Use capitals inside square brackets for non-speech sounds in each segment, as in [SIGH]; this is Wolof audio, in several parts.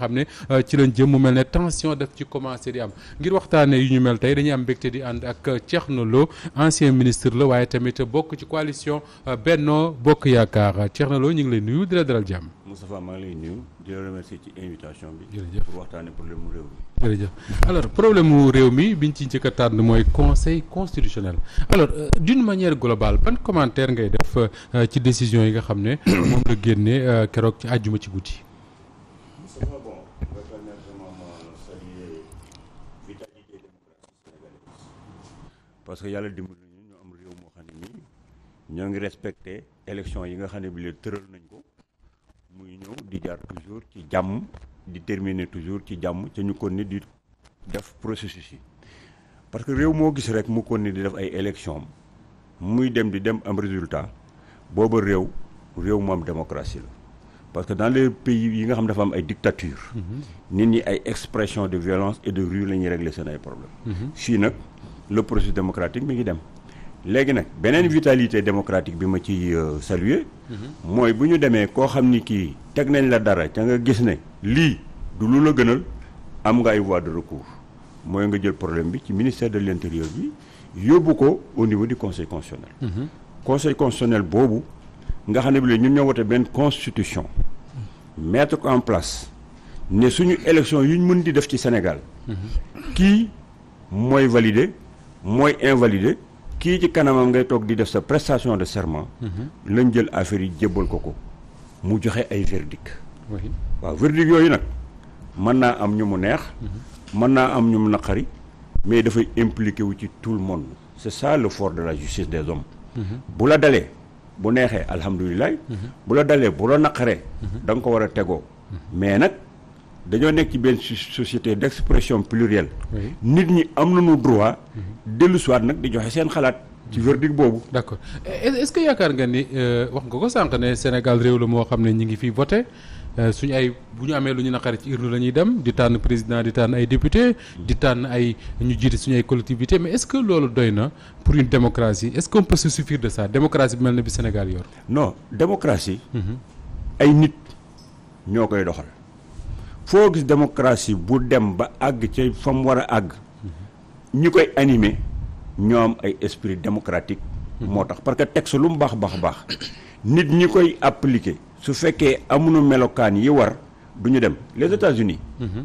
xam ne euh, ci lañ jëm mu mel ne tension def ci commencé di am ngir waxtaanee yu ñu mel tey dañuy am mbégte di ànd ak ceex euh, na Lo ancien ministre la waaye tamit bokk ci coalition euh, Benno Bokk Yaakaar na loo ñu ngi lay nuyu di la dalal jàmm. Moustapha maa ngi lay nuyu di la remercier ci invitation bi. jërëjëf pour waxtaanee problème mu réew mi. jërëjëf alors problème mu réew mi biñ ci njëkk a tànn mooy conseil constitutionnel alors d'une manière globale ban commentaire ngay def ci décision yi nga xam ne [COUGHS] moom la génne keroog ci àjjuma ci guddi. parce que yàlla dimbali nañu ñu am réew moo xam ne nii ñoo ngi respecté élection yi nga xam ne bi leen tëral nañ ko muy ñëw di jaar toujours ci jàmm di terminer toujours ci jàmm ca ñu kon ni di def processus yi parce que réew moo gis rek mu kon ni di def ay élection muy dem di dem am résultat booba réew réew mu am démocratie la parce que dans les pays yi nga xam dafa am ay dictature mm-hmm. nit ñi ay expression de violence et de rue la ñuy régler seen ay problème mm-hmm. le processus démocratique mi ngi dem léegi nag beneen vitalité démocratique bi ma ci euh, saluer mm-hmm. mooy bu ñu demee koo xam ni kii teg nañ la dara ca nga gis ne lii du lu la gënal am nga ay voie de recours mooy nga jël problème bi ci ministère de l'intérieur bi yóbbu ko au niveau du conseil constitutionnel mmh. conseil constitutionnel boobu nga xam ne bi la ñun ñoo wote benn constitution mettre ko en place ne suñu élection ñu mën di def ci Sénégal mm-hmm. kii mooy valider mooy invalider kii ci kanamam ngay toog di def sa prestation de serment. Mhm. lañ jël affaire yi jébbal ko ko mu joxe ay verdict waaw verdict yooyu nag mën naa am ñu mu neex. Mhm. mën naa am ñu mu naqari mais dafay impliqué wu ci tout le monde c' est ça le fort de la justice des hommes. Mhm. bu la dalee bu neexee alhamdulilah. bu la dalee bu la naqaree. da ko war a tegoo mais nag. dañoo nekk ci benn société d' expression plurielle. nit ñi am nañu droit dellu siwaat nag di joxe seen xalaat ci verdict boobu. d'accord est-ce que yaakaar nga ni euh, wax nga ko sànq ne Sénégal réew la moo xam ne ñu ngi fi voté euh, suñu ay bu ñu amee lu ñu naqari ci urne la ñuy dem di tànn président di tànn ay député di tànn ay ñu jiite suñu ay collectivité mais est-ce que loolu doy na pour une démocratie est-ce qu'on peut se suffire de ça démocratie bi mel na bi Sénégal yor. non démocratie. Mhm. ay nit ñoo koy doxal. foo gis démocratie bu dem ba àgg ca fa mu war a àgg. Mhm. koy animer. ñoo am ay esprit démocratique moo tax parce que texte lu mu baax baax baax nit ñi koy appliquer su fekkee amuñu melokaan yi war duñu dem les États-Unis mhm.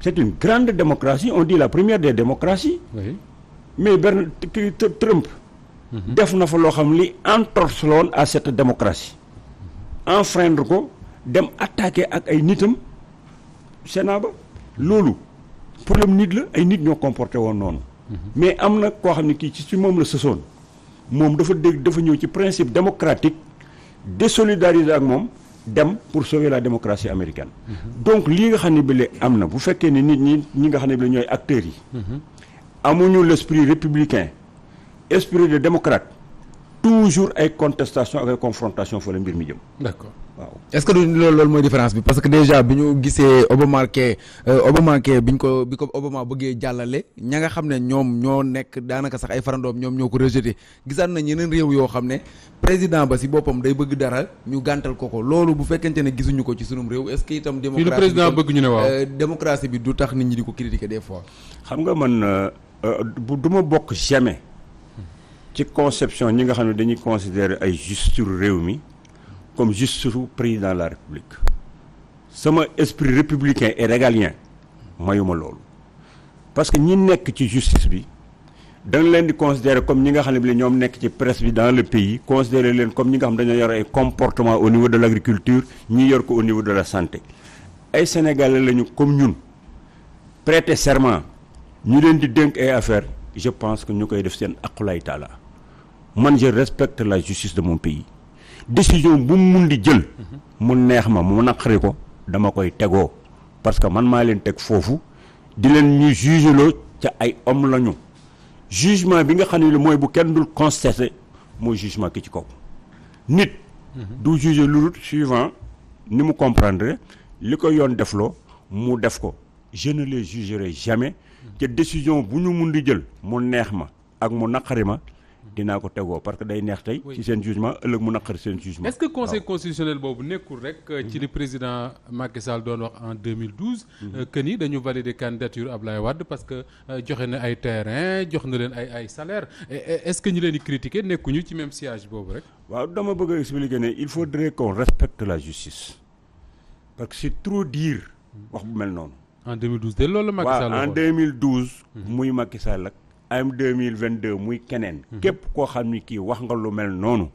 c'est une grande démocratie on dit la première des démocraties mais benn Trump mhm. def na fa loo xam li entorse loon à cette en mhm. enfreindre ko dem attaquer ak ay nitam Sénat ba loolu problème nit la ay nit ñoo comporté woon noonu mais am na koo xam ne kii ci ci moom la sësoon moom dafa dégg dafa ñëw ci principe démocratique désolidariser ak moom dem pour sauver la démocratie américaine. Mm-hmm. donc lii nga xam ne bi la am na bu fekkee ne nit ñi ñi nga xam ne bi la ñooy acteurs yi. Mm-hmm. amuñu l' esprit républicain esprit de démocrate toujours ay contestation ak ay confrontation fa la mbir mi jëm. d'accord. waaw est-ce que loolu loolu mooy différence bi parce que déjà bi ñu gisee Obamacare euh, Obamacare bi ñu ko bi ko Obama bëggee jàllale ña nga xam ne ñoom ñoo nekk daanaka sax ay farandoom ñoom ñoo ko rejeté gisaat na ñeneen réew yoo xam ne président ba si boppam day bëgg dara ñu gàntal ko ko loolu bu fekkente ne gisuñu ko ci sunum réew est-ce que itam. démocratie bi président bëgg ñu ne waaw euh, démocratie bi du tax nit ñi di ko critiquer des fois. xam nga man bu euh, du ma bokk jamais ci conception ñi nga xam ne dañuy considérer ay justice réew mi. comme juste président la république sama esprit républicain et régalien mayuma loolu parce que ñi nekk ci justice bi dañ leen di considérer comme ñi nga xam ne bi ñoom nekk ci presse bi dans le pays considérer leen comme ñi nga xam dañoo yor ay comportement au niveau de l' ñi yor ko au niveau de la santé ay sénégalais lañu comme ñun prêter serment ñu leen di dénk ay affaires je pense que ñu koy def seen aqulay taala man je respecte la justice de mon pays décision bu mu mun di jël. mu neex ma mu naqari ko dama koy tegoo parce que man maa leen teg foofu di leen ñu jugeloo ca ay homme lañu jugement bi nga xam ne mooy bu kenn dul constaté mooy jugement ki ci kaw nit. Mhm. du juger lu suivant ni mu comprendre li ko yoon defloo mu def ko je ne les jugerai jamais ca mhm. décision bu ñu mun di jël mu neex ma ak mu naqari ma. dinaa ko tegoo parce que day neex tey. ci seen jugement ëllëg mu naqar seen jugement. est-ce que conseil constitutionnel boobu nekkul rek. Euh, ci li président Macky Sall doon wax en 2012. Mhm. Euh, que ni dañu valider candidature Ablaye Wade parce que euh, joxe na ay terrain jox na leen ay ay salaire est-ce que ñu leen di critiquer nekkuñu ci même siège boobu rek. waaw dama bëgg a expliquer ne il faudrait qu'on respecte la justice parce que c'est trop dire wax bu mel noonu. en 2012 de loolu Macky Sall waaw en 2012. Mhm. muy Macky Sall ak. am 2022 muy keneen. Mhm. képp koo xam ni kii wax nga lu mel noonu.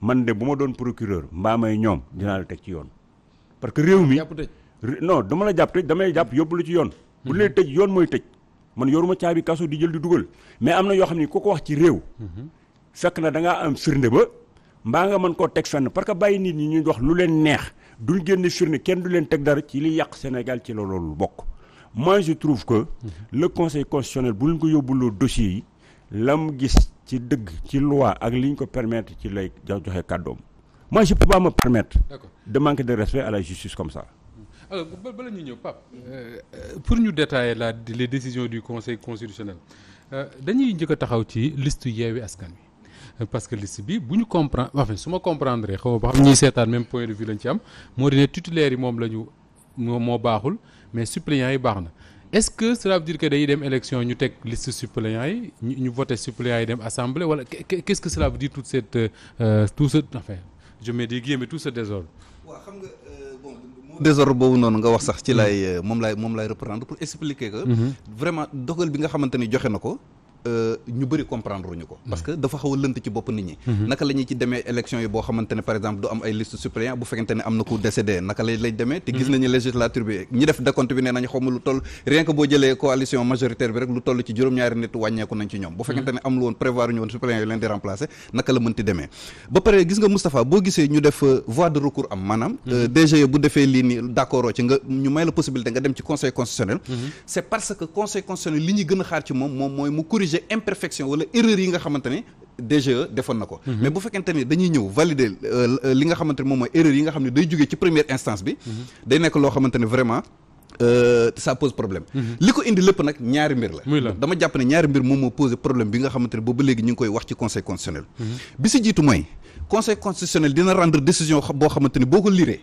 man de bu ma doon procureur mbaa may ñoom dinaa la teg ci yoon. parce que réew mi non dama la jàpp damay jàpp yóbbu la ci yoon. bu lay mhm. tëj yoon mooy tëj. man yoruma caabi kaso di jël di dugal mais am na yoo xam ni ku ko wax ci réew. Mhm. fekk na da ngaa am firnde ba. mbaa nga mën koo teg fenn parce que bàyyi nit ñi ñuy wax lu leen neex duñ génn firnde kenn du leen teg dara ci li yàq Sénégal ci la loolu bokk. moi je trouve que mhm. le conseil constitutionnel bu ñu ko yóbbuloo dossier yi la mu gis ci dëgg ci loi ak li ñu ko permettre ci lay joxe kàddoom moi je peux pas me permettre de manquer de respect à la justice comme ça mhm. alors bala ñu ñëw Pape euh, euh, pour ñu détailler la les décisions du conseil constitutionnel euh, dañuy njëkk taxaw ci liste yeewi askan wi parce que list bi bu ñu comprendre enfin su ma comprendre xaw ma ba xam ñuy seetaan même point de vue lañ ci am moo di ne titulaire yi moom la ñu moom moo baaxul mais suppléants yi baax na est-ce que cela veut dire que dañuy dem élection ñu teg liste suppléants yi ñu ñu voté suppléants yi dem assemblée wala qu'est-ce que cela veut dire toute cette euh, euh tout ce enfin je me dis guillemets tout ce euh, désordre. boobu noonu nga wax sax ci mm-hmm. lay euh, moom laay moom laay reprendre pour expliquer que. Mm-hmm. vraiment dogal bi nga xamante ni joxe na ko. Euh, ñu bëri comprendre ñu ko mm-hmm. parce que dafa xaw lënt ci bopp nit ñi mm-hmm. naka la ci demee élection yi boo xamante par exemple du am ay liste suppléant bu fekkente am na ku décédé naka lay demee te gis mm-hmm. nañu législature bi ñi def décompte bi nee nañu xaw ma lu toll rien boo jëlee coalition majoritaire bi rek lu toll ci juróom-ñaari nit wàññeeku nañ ci ñoom bu fekkente am lu woon prévoir ñu woon suppléant yu leen di remplacer naka la mënti euh, de corriger imperfection wala erreur yi nga xamante ne DGE defoon na ko mhm. mais bu fekkente dañuy ñëw valider euh, li nga xamante moom mooy erreur yi nga xam ne day jógee ci première instance bi mhm. day nekk loo xamante vraiment Euh, pose problème mhm. li ko indi lépp nag ñaari mbir la dama jàpp ne ñaari mbir moom moo posé problème bi nga xamante ne léegi ñu ngi koy wax ci conseil constitutionnel bi si jiitu mooy conseil constitutionnel dina rendre décision boo xamante boo ko liree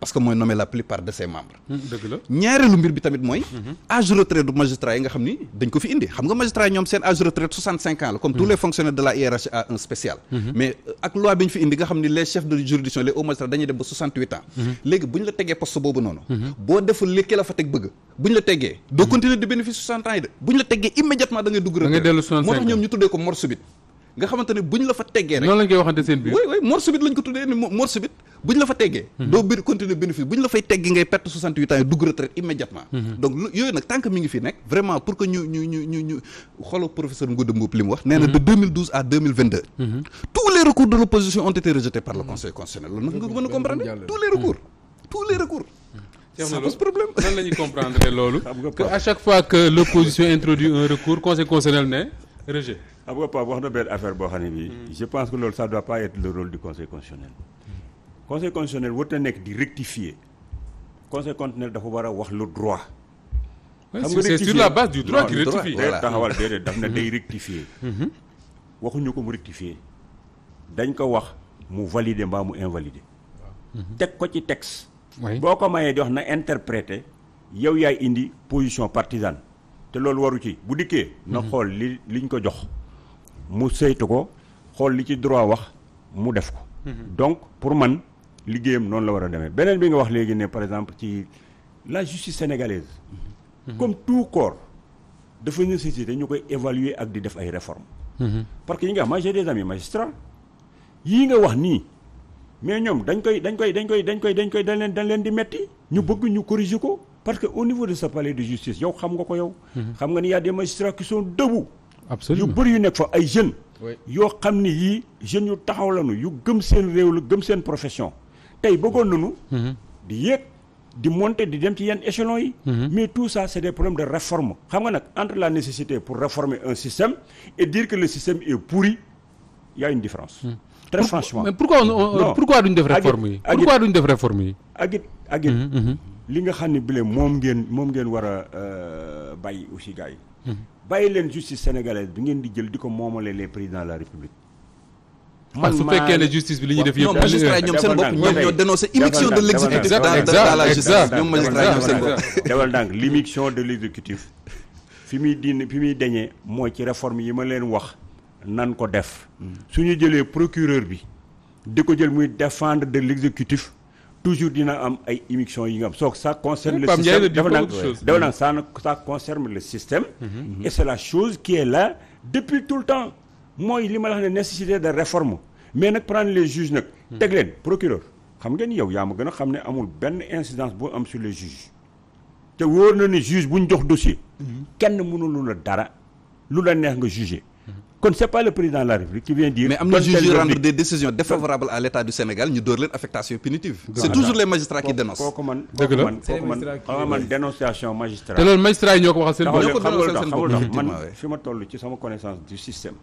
parce que mooy nommé la plupart de ses membres. ñaareelu mbir bi tamit mooy. âge retraite du magistrat yi nga xam ni dañ ko fi indi xam nga magistrat ñoom seen âge retraite 65 ans la. comme tous les fonctionnaires de la IRH spécial. mais euh, ak loi fi indi nga xam ni les chefs de juridiction les hauts magistrats dañuy dem ba 68 ans. léegi bu la tegee poste boobu noonu. boo deful li la fa teg bëgg bu la teggee. doo continuer di bu ñu la fa teggee mhm. doo bir continuer bénéfice bu ñu la fay teggi ngay perte soixante-huit ans yi dugg retraite immédiatement mhm. donc yooyu nag tant mi ngi fi nekk vraiment pour que ñu ñu ñu ñu ñu xoolal professeur Ngouda Mboup li mu wax nee na de 2012 mhm. à 2022 tous les recours de l'opposition ont été par le conseil constitutionnel loolu nag nga ko mën comprendre tous les recours tous les recours [LAUGHS] fois que l'opposition introduit un recours conseil constitutionnel boo xam ne bii hmm. pense que loolu ça doit pas être conseil constitutionnel warut a nekk di rectifier conseil constitutionnel dafa war a wax lu droit. xam nga c'est sur la base du droit qu'il rectifie taxawal déedéet daf na mhm. day rectifier. Mhm. waxuñu ko mu rectifier dañ ko wax mu valider mbaa mu invalider. Mhm. teg ko ci tex boo ko mayee di wax na interpréter yow yaay indi position partisane te loolu waru ci bu dikkee. na xool li liñ ko jox mu saytu ko xool li ci droit wax mu def ko. donc pour man. liggéeyam noonu la war a demee beneen bi nga wax léegi ne par exemple ci la justice sénégalaise. Mm -hmm. comme tout corps dafa nécessité ñu koy évaluer ak di def ay réformes. Mm parce que yi nga xam moi j'ai des amis nga wax nii mais ñoom dañ koy dañ koy dañ koy dañ koy dañ koy dañ leen dañ leen di metti ñu bëgg ñu corriger ko parce que au niveau de ce palais de justice yow xam nga ko yow. Mhm. xam nga ni y a des magistrats qui sont debout. absolument yu bëri yu nekk fa ay jeunes. yoo xam ni yii jeunes yu taxaw lañu yu gëm seen réew la gëm seen profession. tey bëggoon nañu. Mhm. di yéeg di monter di dem ci yenn échelons yi. Mhm. mais tout ça c' est des problèmes de réforme. xam nga nag entre la nécessité pour réformer un système et dire que le système est pourri y' a une différence. Mhm. très pour, franchement mais pourquoi on, on, def réforme yi. pourquoi duñ def réforme yi. agit agit li nga xam ne bile moom ngeen moom ngeen war a euh, bàyyi aussi gars yi. bàyyi leen justice sénégalaise bi ngeen di jël di ko moomale les présidents de la république. man su fekkee ne justice bi li ñuy def yëpp. magistrat ñoom seen bopp ñoom de l'exécutif dans la justice ñoom magistrat seen bopp. dawal donc l'immixtion de l'exécutif fi muy diin fi muy deñee mooy ci réforme yi ma leen wax nan ko def su ñu jëlee procureur bi di ko jël muy défendre de l'exécutif toujours dina am ay immixtion yi nga am soo ça concerne le système dafa nag dafa nag ça ça concerne le système et c'est la chose qui est là depuis tout le temps mooy li ma la wax ne nécessité de réforme mais nag prendre les juges nag. teg leen procureur xam ngeen yow yaa ma gën a xam ne amul benn incidence boo am sur les juges te wóor na ni juge bu ñu jox dossier. kenn mënul lu la dara lu la neex nga juger. kon c'est pas le président de la République qui vient dire. mais am na juge rendre des décisions défavorables à l'État du Sénégal ñu dóor leen affectation punitive. c'est toujours les magistrats qui dénoncent. kooku man kooku man kooku man xam man dénonciation magistrat. te man fi ma toll ci sama connaissance du système.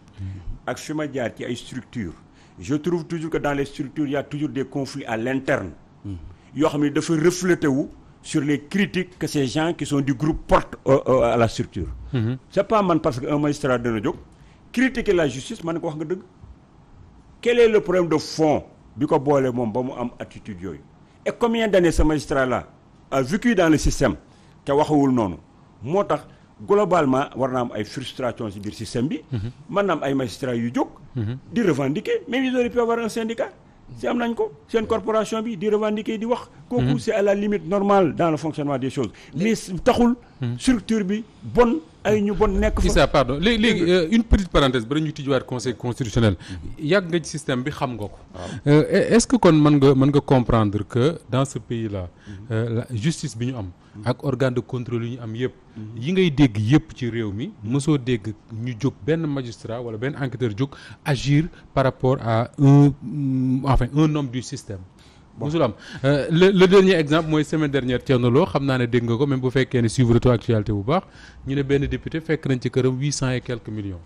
ak fi ma jaar ci ay structures. je trouve toujours que dans les structures il a toujours des conflits à l'interne. yoo xam ne dafa refléter wu. sur les critiques que ces gens qui euh, euh, la structure. Mm-hmm. c'est man parce que un magistrat dana jóg. critiquer la justice man ne ko wax nga dëgg quel le problème de fond bi ko boole moom ba mu am attitude yooyu et combien d'années ce magistrat là a vécu dans le système te waxawul noonu moo tax globalement war na am ay frustration ci biir système bi mhm. mën na am ay magistrats yu jóg mhm. di revendiquer même ils auraient pu avoir un si am nañ ko seen corporation bi di revendiquer di wax mhm. kooku c'est à la limite normale dans le fonctionnement des choses mais taxul ay ñu bon nekk fa. Issa pardon léegi léegi euh, une petite parenthèse bala ñuy tijjiwaat conseil constitutionnel mm-hmm. yàgg nga ci système bi xam nga ko. Euh, e-, est-ce que kon mën nga mën nga comprendre que dans ce pays là. Mm-hmm. Euh, la justice bi ñu am. Mm-hmm. ak organe de contrôle yi ñu am yëpp. yi ngay dégg yëpp ci réew mi mosoo dégg ñu jóg benn magistrat wala benn enquêteur jóg agir par rapport à un mm, enfin un homme du système. musul am euh, le le dernier exemple mooy semaine dernière Thierno xam naa ne dégg nga ko même bu fekkee ne suivre to actualité bu baax ñu ne benn député fekk nañ ci këram huit cent et quelques millions.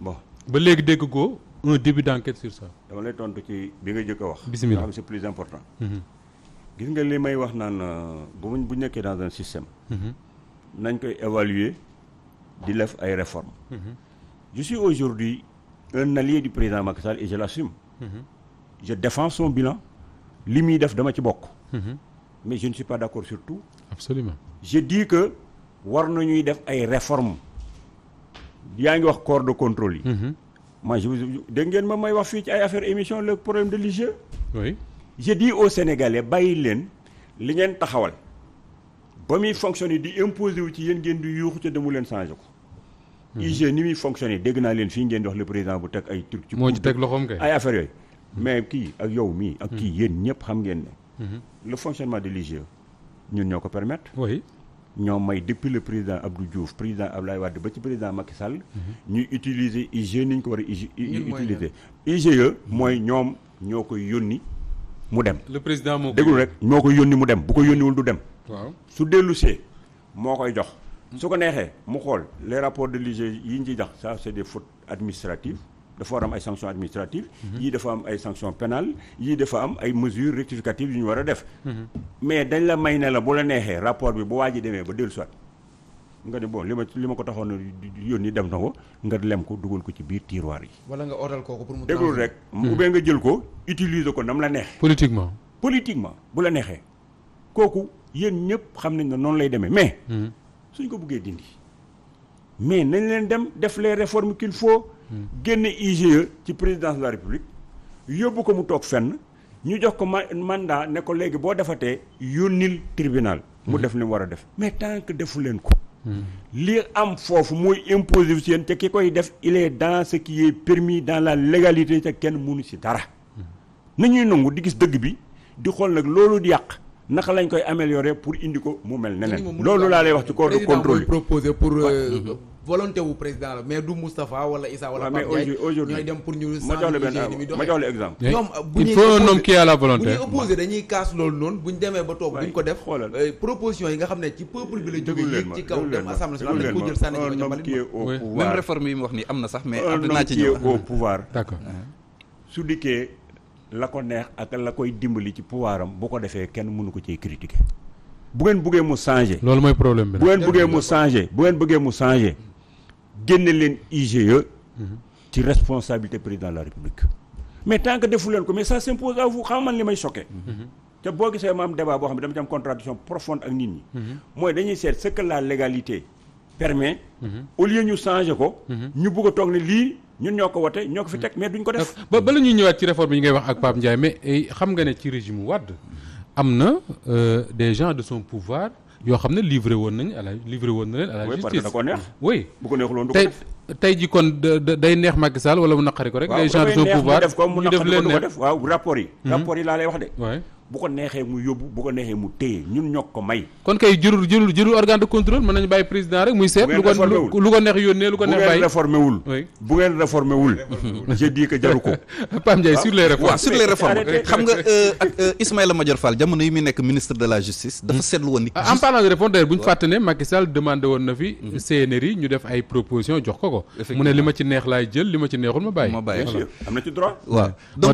bon ba léegi dégg ko un début d'enquête sur ça. dama lay tontu ci bi nga jëkk a wax. bismillah c'est plus important. Mm-hmm. gis nga li may wax naan euh, bu bu nekkee dans un système. Mm-hmm. nañ koy évaluer di def ay réformes. Mm-hmm. je suis aujourd'hui un allié du président Macky Sall et je l'assume. je défends li muy def dama ci bokk. Mhm. mais je ne suis pas d' accord sur absolument je di que war na ñuy def ay réformes yaa ngi wax corps de contrôle yi. Mhm. moi je dégg ngeen ma may wax fii ci ay affaire émission le problème de l'IGE. oui je dis aux Sénégalais bàyyi leen li ngeen taxawal ba muy fonctionner di imposer wu ci yéen ngeen di yuuxu ca demu leen changé ko. Mhm. IGE ni muy fonctionner dégg naa leen fii ngeen di wax le président bu teg ay. truc ci moo ay affaires yooyu. mais kii ak yow mii ak kii hmm. yéen ñëpp xam ngeen ne hmm. le fonctionnement de l'IGE ñun ñoo ko permettre oui ñoo may depuis le président Abdou Diouf président Abdoulaye Wade ba ci président Macky Sall hmm. ñuy utiliser IGE ni ñu ko war a utiliser IGE mooy ñoom ñoo koy yónni mu dem le président moo déglu rek moo koy yónni mu dem bu ko yónniwul du dem waaw su dellusee moo koy jox su ko neexee mu xool les rapport de l'IGE yi ñu ciy jox ça c'est des faut administratives dafa war am ay sanctions administratives mhm. yii dafa am ay sanctions pénales yii dafa am ay mesures rectificatives yu ñu war a def mhm. mais dañ la may ne la bu la neexee rapport bi bu waa ji demee ba dellu soit nga ne bon li ma li ma ko taxoon yónni dem na ko nga lem ko dugal ko ci biir tiroir yi wala nga otal kooku pour mu déglu rek mhm. ou bien nga jël ko utiliser ko nam la neex politiquement politiquement bu la neexee kooku yéen ñëpp xam nañ ne noonu lay demee mais suñ ko bëggee dindi mais nañ l dem def les réformes qu'il génne IGE ci président de la république yóbbu ko mu toog fenn ñu jox ko mandat ne ko léegi boo defatee yónnil tribunal mu mhm. def li war a def mais tant que defu leen ko mhm. li am foofu mooy imposé wu seen yéen te ki koy def il dans ce qui est permis dans la légalité te kenn munu si dara mhm. nañuy nangu di gis dëgg bi di xool nag loolu di yàq naka lañ koy améliorer pour indi ko mu mel neneen loolu laa lay wax ci corps de contrôle yi proposé pour volonté wu président la mais du Moustapha wala Issa wala Pape Ndiaye ñooy dem pour ñu ma jox la benn ma jox la exemple ñoom bu ñuy il faut un homme qui a la volonté bu ñuy opposé dañuy kaas loolu noonu bu ñu demee ba toog duñ ko def euh, proposition yi nga xam ne ci peuple bi la jógee yéeg ci kaw dem assemblée nationale dañ ko jël sànni ci ma jëmbal même réforme yi mu wax ni am na sax mais dinaa ci ñëw au pouvoir d'accord su dikkee la ko neex ak la koy dimbali ci pouvoir am bu ko defee kenn mënu ko ciy critiquer bu ngeen bëggee mu changer. loolu mooy problème bi bu ngeen bëggee mu changer bu ngeen bëggee mu changer. génne leen IGE. ci responsabilité président de la république. mais tant que defu leen ko mais ça s'impose à vous xam man li may choqué. te boo gisee maam am débat boo xam ne dama ci am contradiction profonde ak nit ñi. mooy dañuy seet ce que la légalité permet. au lieu ñu changer ko. ñu bëgg a toog ne lii ñun ñoo ko wote ñoo ko fi teg mais duñ ko def. ba ba la ñuy ñëwaat ci réforme yi ngay wax ak Pape Ndiaye mais eh, xam nga ne ci régime Wade am na euh, des gens de son pouvoir. yoo xam ne livré woon nañ à la livré woon na leen à la justice oui bu ko neexul woon du ko def tey ji kon day neex Macky Sall wala mu naqari ko rek les gens de son pouvoir ñu def waaw rapport yi mhm. rapport yi laa lay wax de bu ko neexee mu yóbbu bu ko neexee mu téye ñun ñoo ko may. kon kay jërul jërul jërul organe de contrôle mën nañu bàyyi président rek muy seet. lu ko lu ko neex lu ko neex bàyyi bu ngeen réformé wul. bu ngeen réformé ko. [LAUGHS] Pam Ndiaye sur les ah, réformes xam nga euh, ak euh, a Madior Fall jamono yi muy nekk ministre de la justice. dafa hmm. seetlu woon ni. Ah, en parlant de réforme d'ailleurs bu ñu fàtte ne Macky Sall woon na fi. Hmm. CNRI ñu def ay proposition jox ko ko. mu ne li ma ci neex laay jël li ma ci neexul ma bàyyi. ma bàyyi am na ci droit waaw moo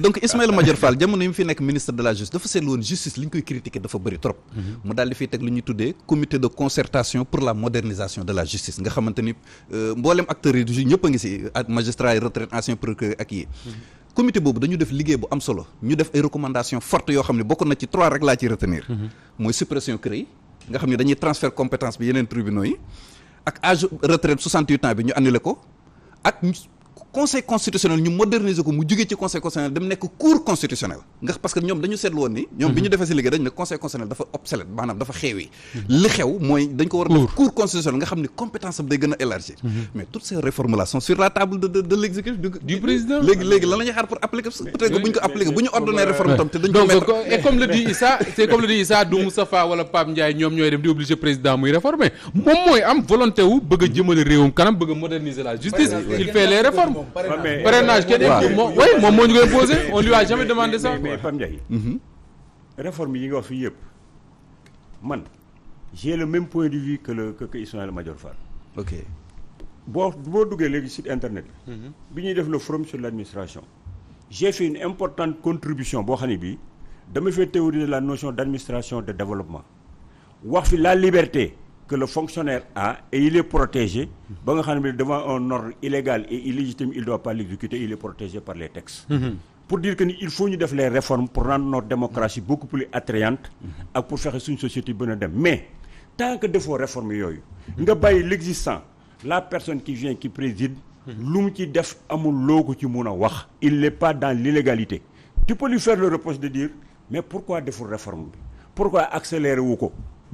donc Ismaïla Madior Fall jamono yi mu fi nekk ministre de la justice dafa seetlu woon justice li ñu koy critiquer dafa bëri trop. Mhm. mu daal di fiy teg lu ñuy tuddee comité de concertation pour la modernisation de la justice nga xamante euh, mboolem acteurs yi ñëpp ngi si ak magistrats yi retraite ancien procureur ak yi. Mhm. comité boobu dañu def liggéey bu am solo ñu def ay recommandations fortes yoo xam ne bokk na ci trois rek laa ci retenir. Mhm. mooy suppression CREI conseil constitutionnel ñu moderniser ko mu jugee ci conseil constitutionnel dem nekk cour constitutionnel nga parce ñoom dañu seetlu woon ni ñoom bi ñu defee si liggéey dañ ne conseil constitutionnel dafa obsolète maanaam dafa xeewi li xew mooy dañ ko war a def cour constitutionnel nga xam ne compétence am day gën a mhm. mais toutes ces réformes là sont sur la table de léegi léegi lan la xaar pour appliquer peut-être bu ñu ko réforme tam te dañ ko moom parrainage kenn moom oui moom moo ñu koy posé on lui a jamais demandé ça mais Pape Ndiaye mhm. réforme yi nga wax fii yëpp man j'ai le même point de vue que le que Ismaïla Madior boo boo duggee léegi site internet mhm. bi ñuy def le forum sur l'administration j'ai fait une importante contribution boo xam ne bii dama fee théorie de la notion d'administration de développement wax fi la liberté que le fonctionnaire a et est protégé ba nga xam ne devant un ordre illégal et illégitime il doit pas l'exécuter il est protégé par les textes mm-hmm. pour dire que ni il faut ñu def les réformes pour rendre notre démocratie mm-hmm. beaucoup plus attrayante mm-hmm. ak pour fexe suñu société bën a dem mais tant defoo réforme yooyu nga bàyyi l'existant la personne qui vient qui préside lu mu ci def amul loo ko ci mun a wax il n'est pas dans l'illégalité tu peux lui faire le reproche de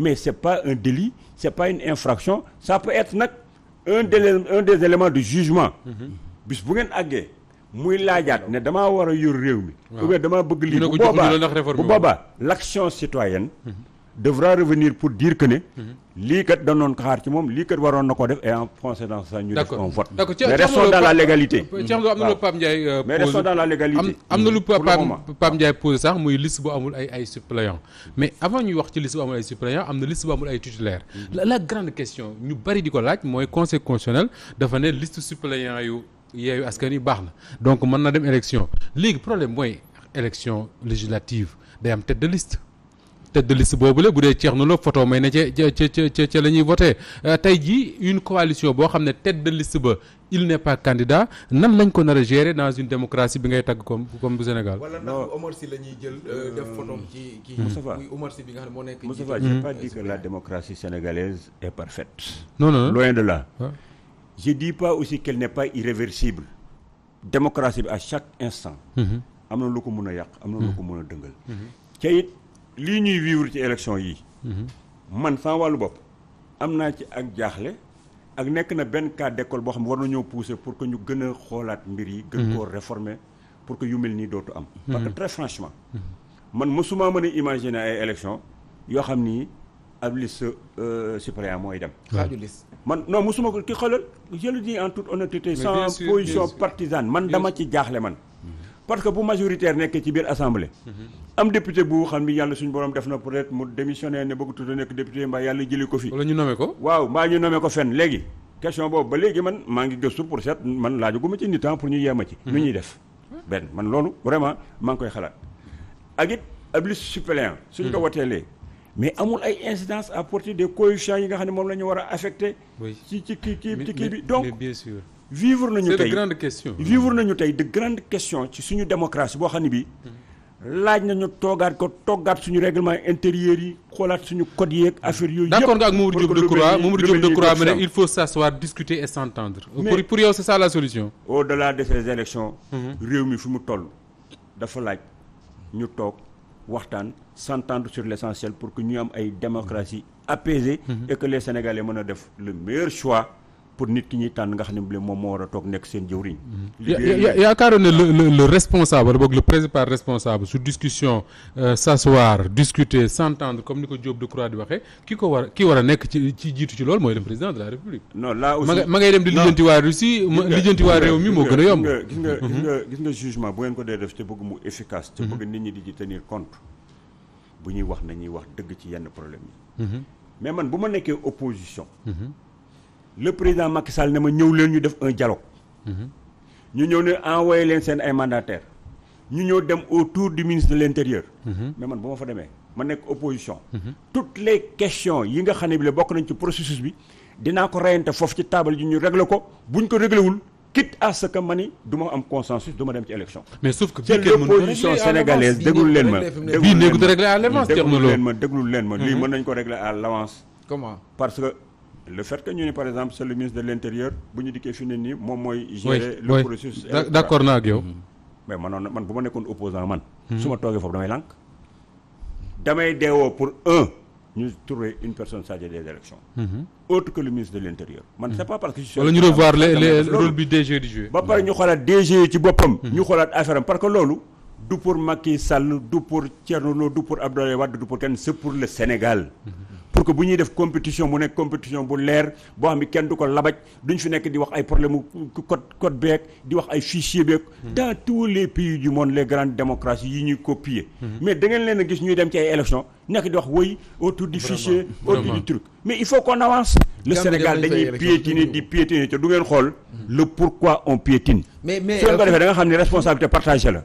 mais c'est pas un délit c'est pas une infraction ça peut être nag un des un des de jugement bis bu ngeen àggee muy laajaat ne damaa war a yor réew mi ou bien damaa bëgg lii bu boobaa bu boobaa l'action citoyenne mhm. devra revenir pour dire que ne. Mhm. lii kat danoon ko xaar ci moom lii kat waroon na ko def et en conséquence ça ñu def. on vote la légalité. am na lu Pape Ndiaye. Euh, mais restons dans la légalité. am na lu Pape Ndiaye posé sax muy liste bu amul ay ay suppléants mais avant ñuy wax ci liste bu amul ay suppléants am na liste bu amul ay titulaires. Mhm. la grande question ñu bari di ko laaj mooy conseil constitutionnel dafa ne liste suppléants yu yeeyu askan yi baax na donc mën na dem élection léegi problème mooy élection législative day am tête de liste. tête de liste boobu la bu dee Thierno la photo may na ca ca ca ca la ñuy voté euh, tey jii une coalition boo xam ne tête de liste ba il n'est pas candidat nan lañ ko nar a gérer dans une démocratie bi ngay tagg comme comme bu Sénégal. wala ndax Omar Sy la ñuy jël euh, euh, def ci kii. Moustapha muy Omar bi nga moo nekk. Moustapha j'ai pas dit que la démocratie sénégalaise est parfaite. non non loin de la je di pas aussi qu'elle n'est pas irréversible. démocratie bi à chaque instant. Mm-hmm. am na lu ko mën a yàq am na lu ko mën a dëngal. Mm-hmm. lii ñuy vivre ci élection yii. man sans wàllu bopp am naa ci ak jaaxle ak nekk na benn cas d'école boo xam war na ñëw pousser pour que ñu gën a xoolaat mbir yi. gën koo mhm. réformer pour que yu mel nii dootu am. Mhm. parce que très mhm. man mosuma mën a imaginer ay élection yoo xam ni ab liste euh, suppléant mooy dem. xaaju liste man non mosuma ko ki xoolal je le dis en toute honnêteté. sans position partisane man dama ci jaaxle man. parce que bu majoritaire nekkee ci biir assemblée. am député bu xam ni yàlla suñu borom def na peut être mu démissionné ne bëgg tuuti nekk député mbaa yàlla jëli ko fi. wala ñu nommé ko. waaw mbaa ñu nommé ko fenn léegi question boobu ba léegi man maa ngi gëstu pour seet man laajaguma ci nit temps ah pour ñu yéem ci. Mhm. nu ñuy def benn man loolu vraiment maa ngi koy xalaat ak it ab liste suppléant suñ ko mhm. woteelee mais amul ay incidence à portée des coefficients yi nga xam ne moom la ñu war a affecté. ci ci kii kii ci kii bi donc bien sûr. vivre nañu tey c'est de grandes ci suñu démocratie boo xam ne bii. Mhm. laaj nañu toogaat ko toggaat suñu règlement intérieur yi xoolaat suñu code yeeg affaire yooyu. d'accord nga ak Mamadou Diop Decroix Mamadou Diop Decroix mu ne il faut s'asseoir discuter et s'entendre. pour pour yow c'est ça la solution. au-delà de ces élections. Mhm. réew mi fi mu toll dafa laaj ñu toog waxtaan s'entendre sur l'essentiel pour que ñu am ay démocratie apaisée. Mhm. et que les mën a def le meilleur choix. pour nit ki ñuy tànn nga xam ne bi moom moo war a toog nekk seen jëwriñ mm-hmm. yaakaaroon ne le le responsable boog le principal responsable su discussion euh, s'asseoir discuter comme ni ko Diop Decroix di waxee ki ko war ki war a nekk ci ci jiitu ci loolu mooy le président de la république non là ma ngay dem di lijjanti waa Russie lijjanti réew mi moo gën a yomb mm-hmm. bu ngeen ko dee def te bëgg mu efficace te bëgg nit ñi di ci tenir compte bu ñuy wax nañuy dëgg ci yenn problème yi mm-hmm. mais man bu ma nekkee opposition le président Macky Sall ne ma ñëw leen ñu def un dialogue mhm. ñu ñëw ne envoyé leen seen ay mandataires ñu ñëw dem autour du ministre de l' intérieur. Mhm. man bu ma fa demee ma nekk opposition. Mhm. toutes les questions yi nga xam ne bi la bokk nañ ci processus bi dinaa ko reyante foofu ci taabal ji ñu réglé ko buñ ko réglé wul quitte à ma ni du ma am consensus du ma dem ci élection. mais sauf l'opposition sénégalaise déglu leen ma déglu leen ma lii mën nañ ko réglé le fait que ñu ne par exemple c'est le ministre de l'intérieur bu ñu dikkee fi ne nii moom mooy gérer le processus d'accord naa ak yow mm-hmm. mais manoon man bu ma nekkoon opposant man mm-hmm. su ma toogee foofu damay lànk damay deewoo pour un ñu trouver une personne chargée des élections mm-hmm. autre que le ministre de l'intérieur man c'est pas parce que wala ñu revoir les rôle bi DG di jouer ba pare ñu xoolaat DG ci boppam ñu xoolaat affaire parce que pour Macky Sall du pour Lo pour que bu ñuy def compétition mu nekk compétition bu leer boo xam ne kenn du ko labaj duñ fi nekk di wax ay problème mu code code di wax ay fichier beeg. Hmm. dans tous les pays du monde les grandes démocraties yi ñuy copier. Hmm. mais da leen a gis ñuy dem ci ay élections nekk di wax wëy autour du fichier. autour du truc mais il faut qu'on avance. le Sénégal dañuy piétiner di piétiner te du ngeen xool. Hmm. le pourquoi on piétine. su ko euh, defee da xam ne responsabilité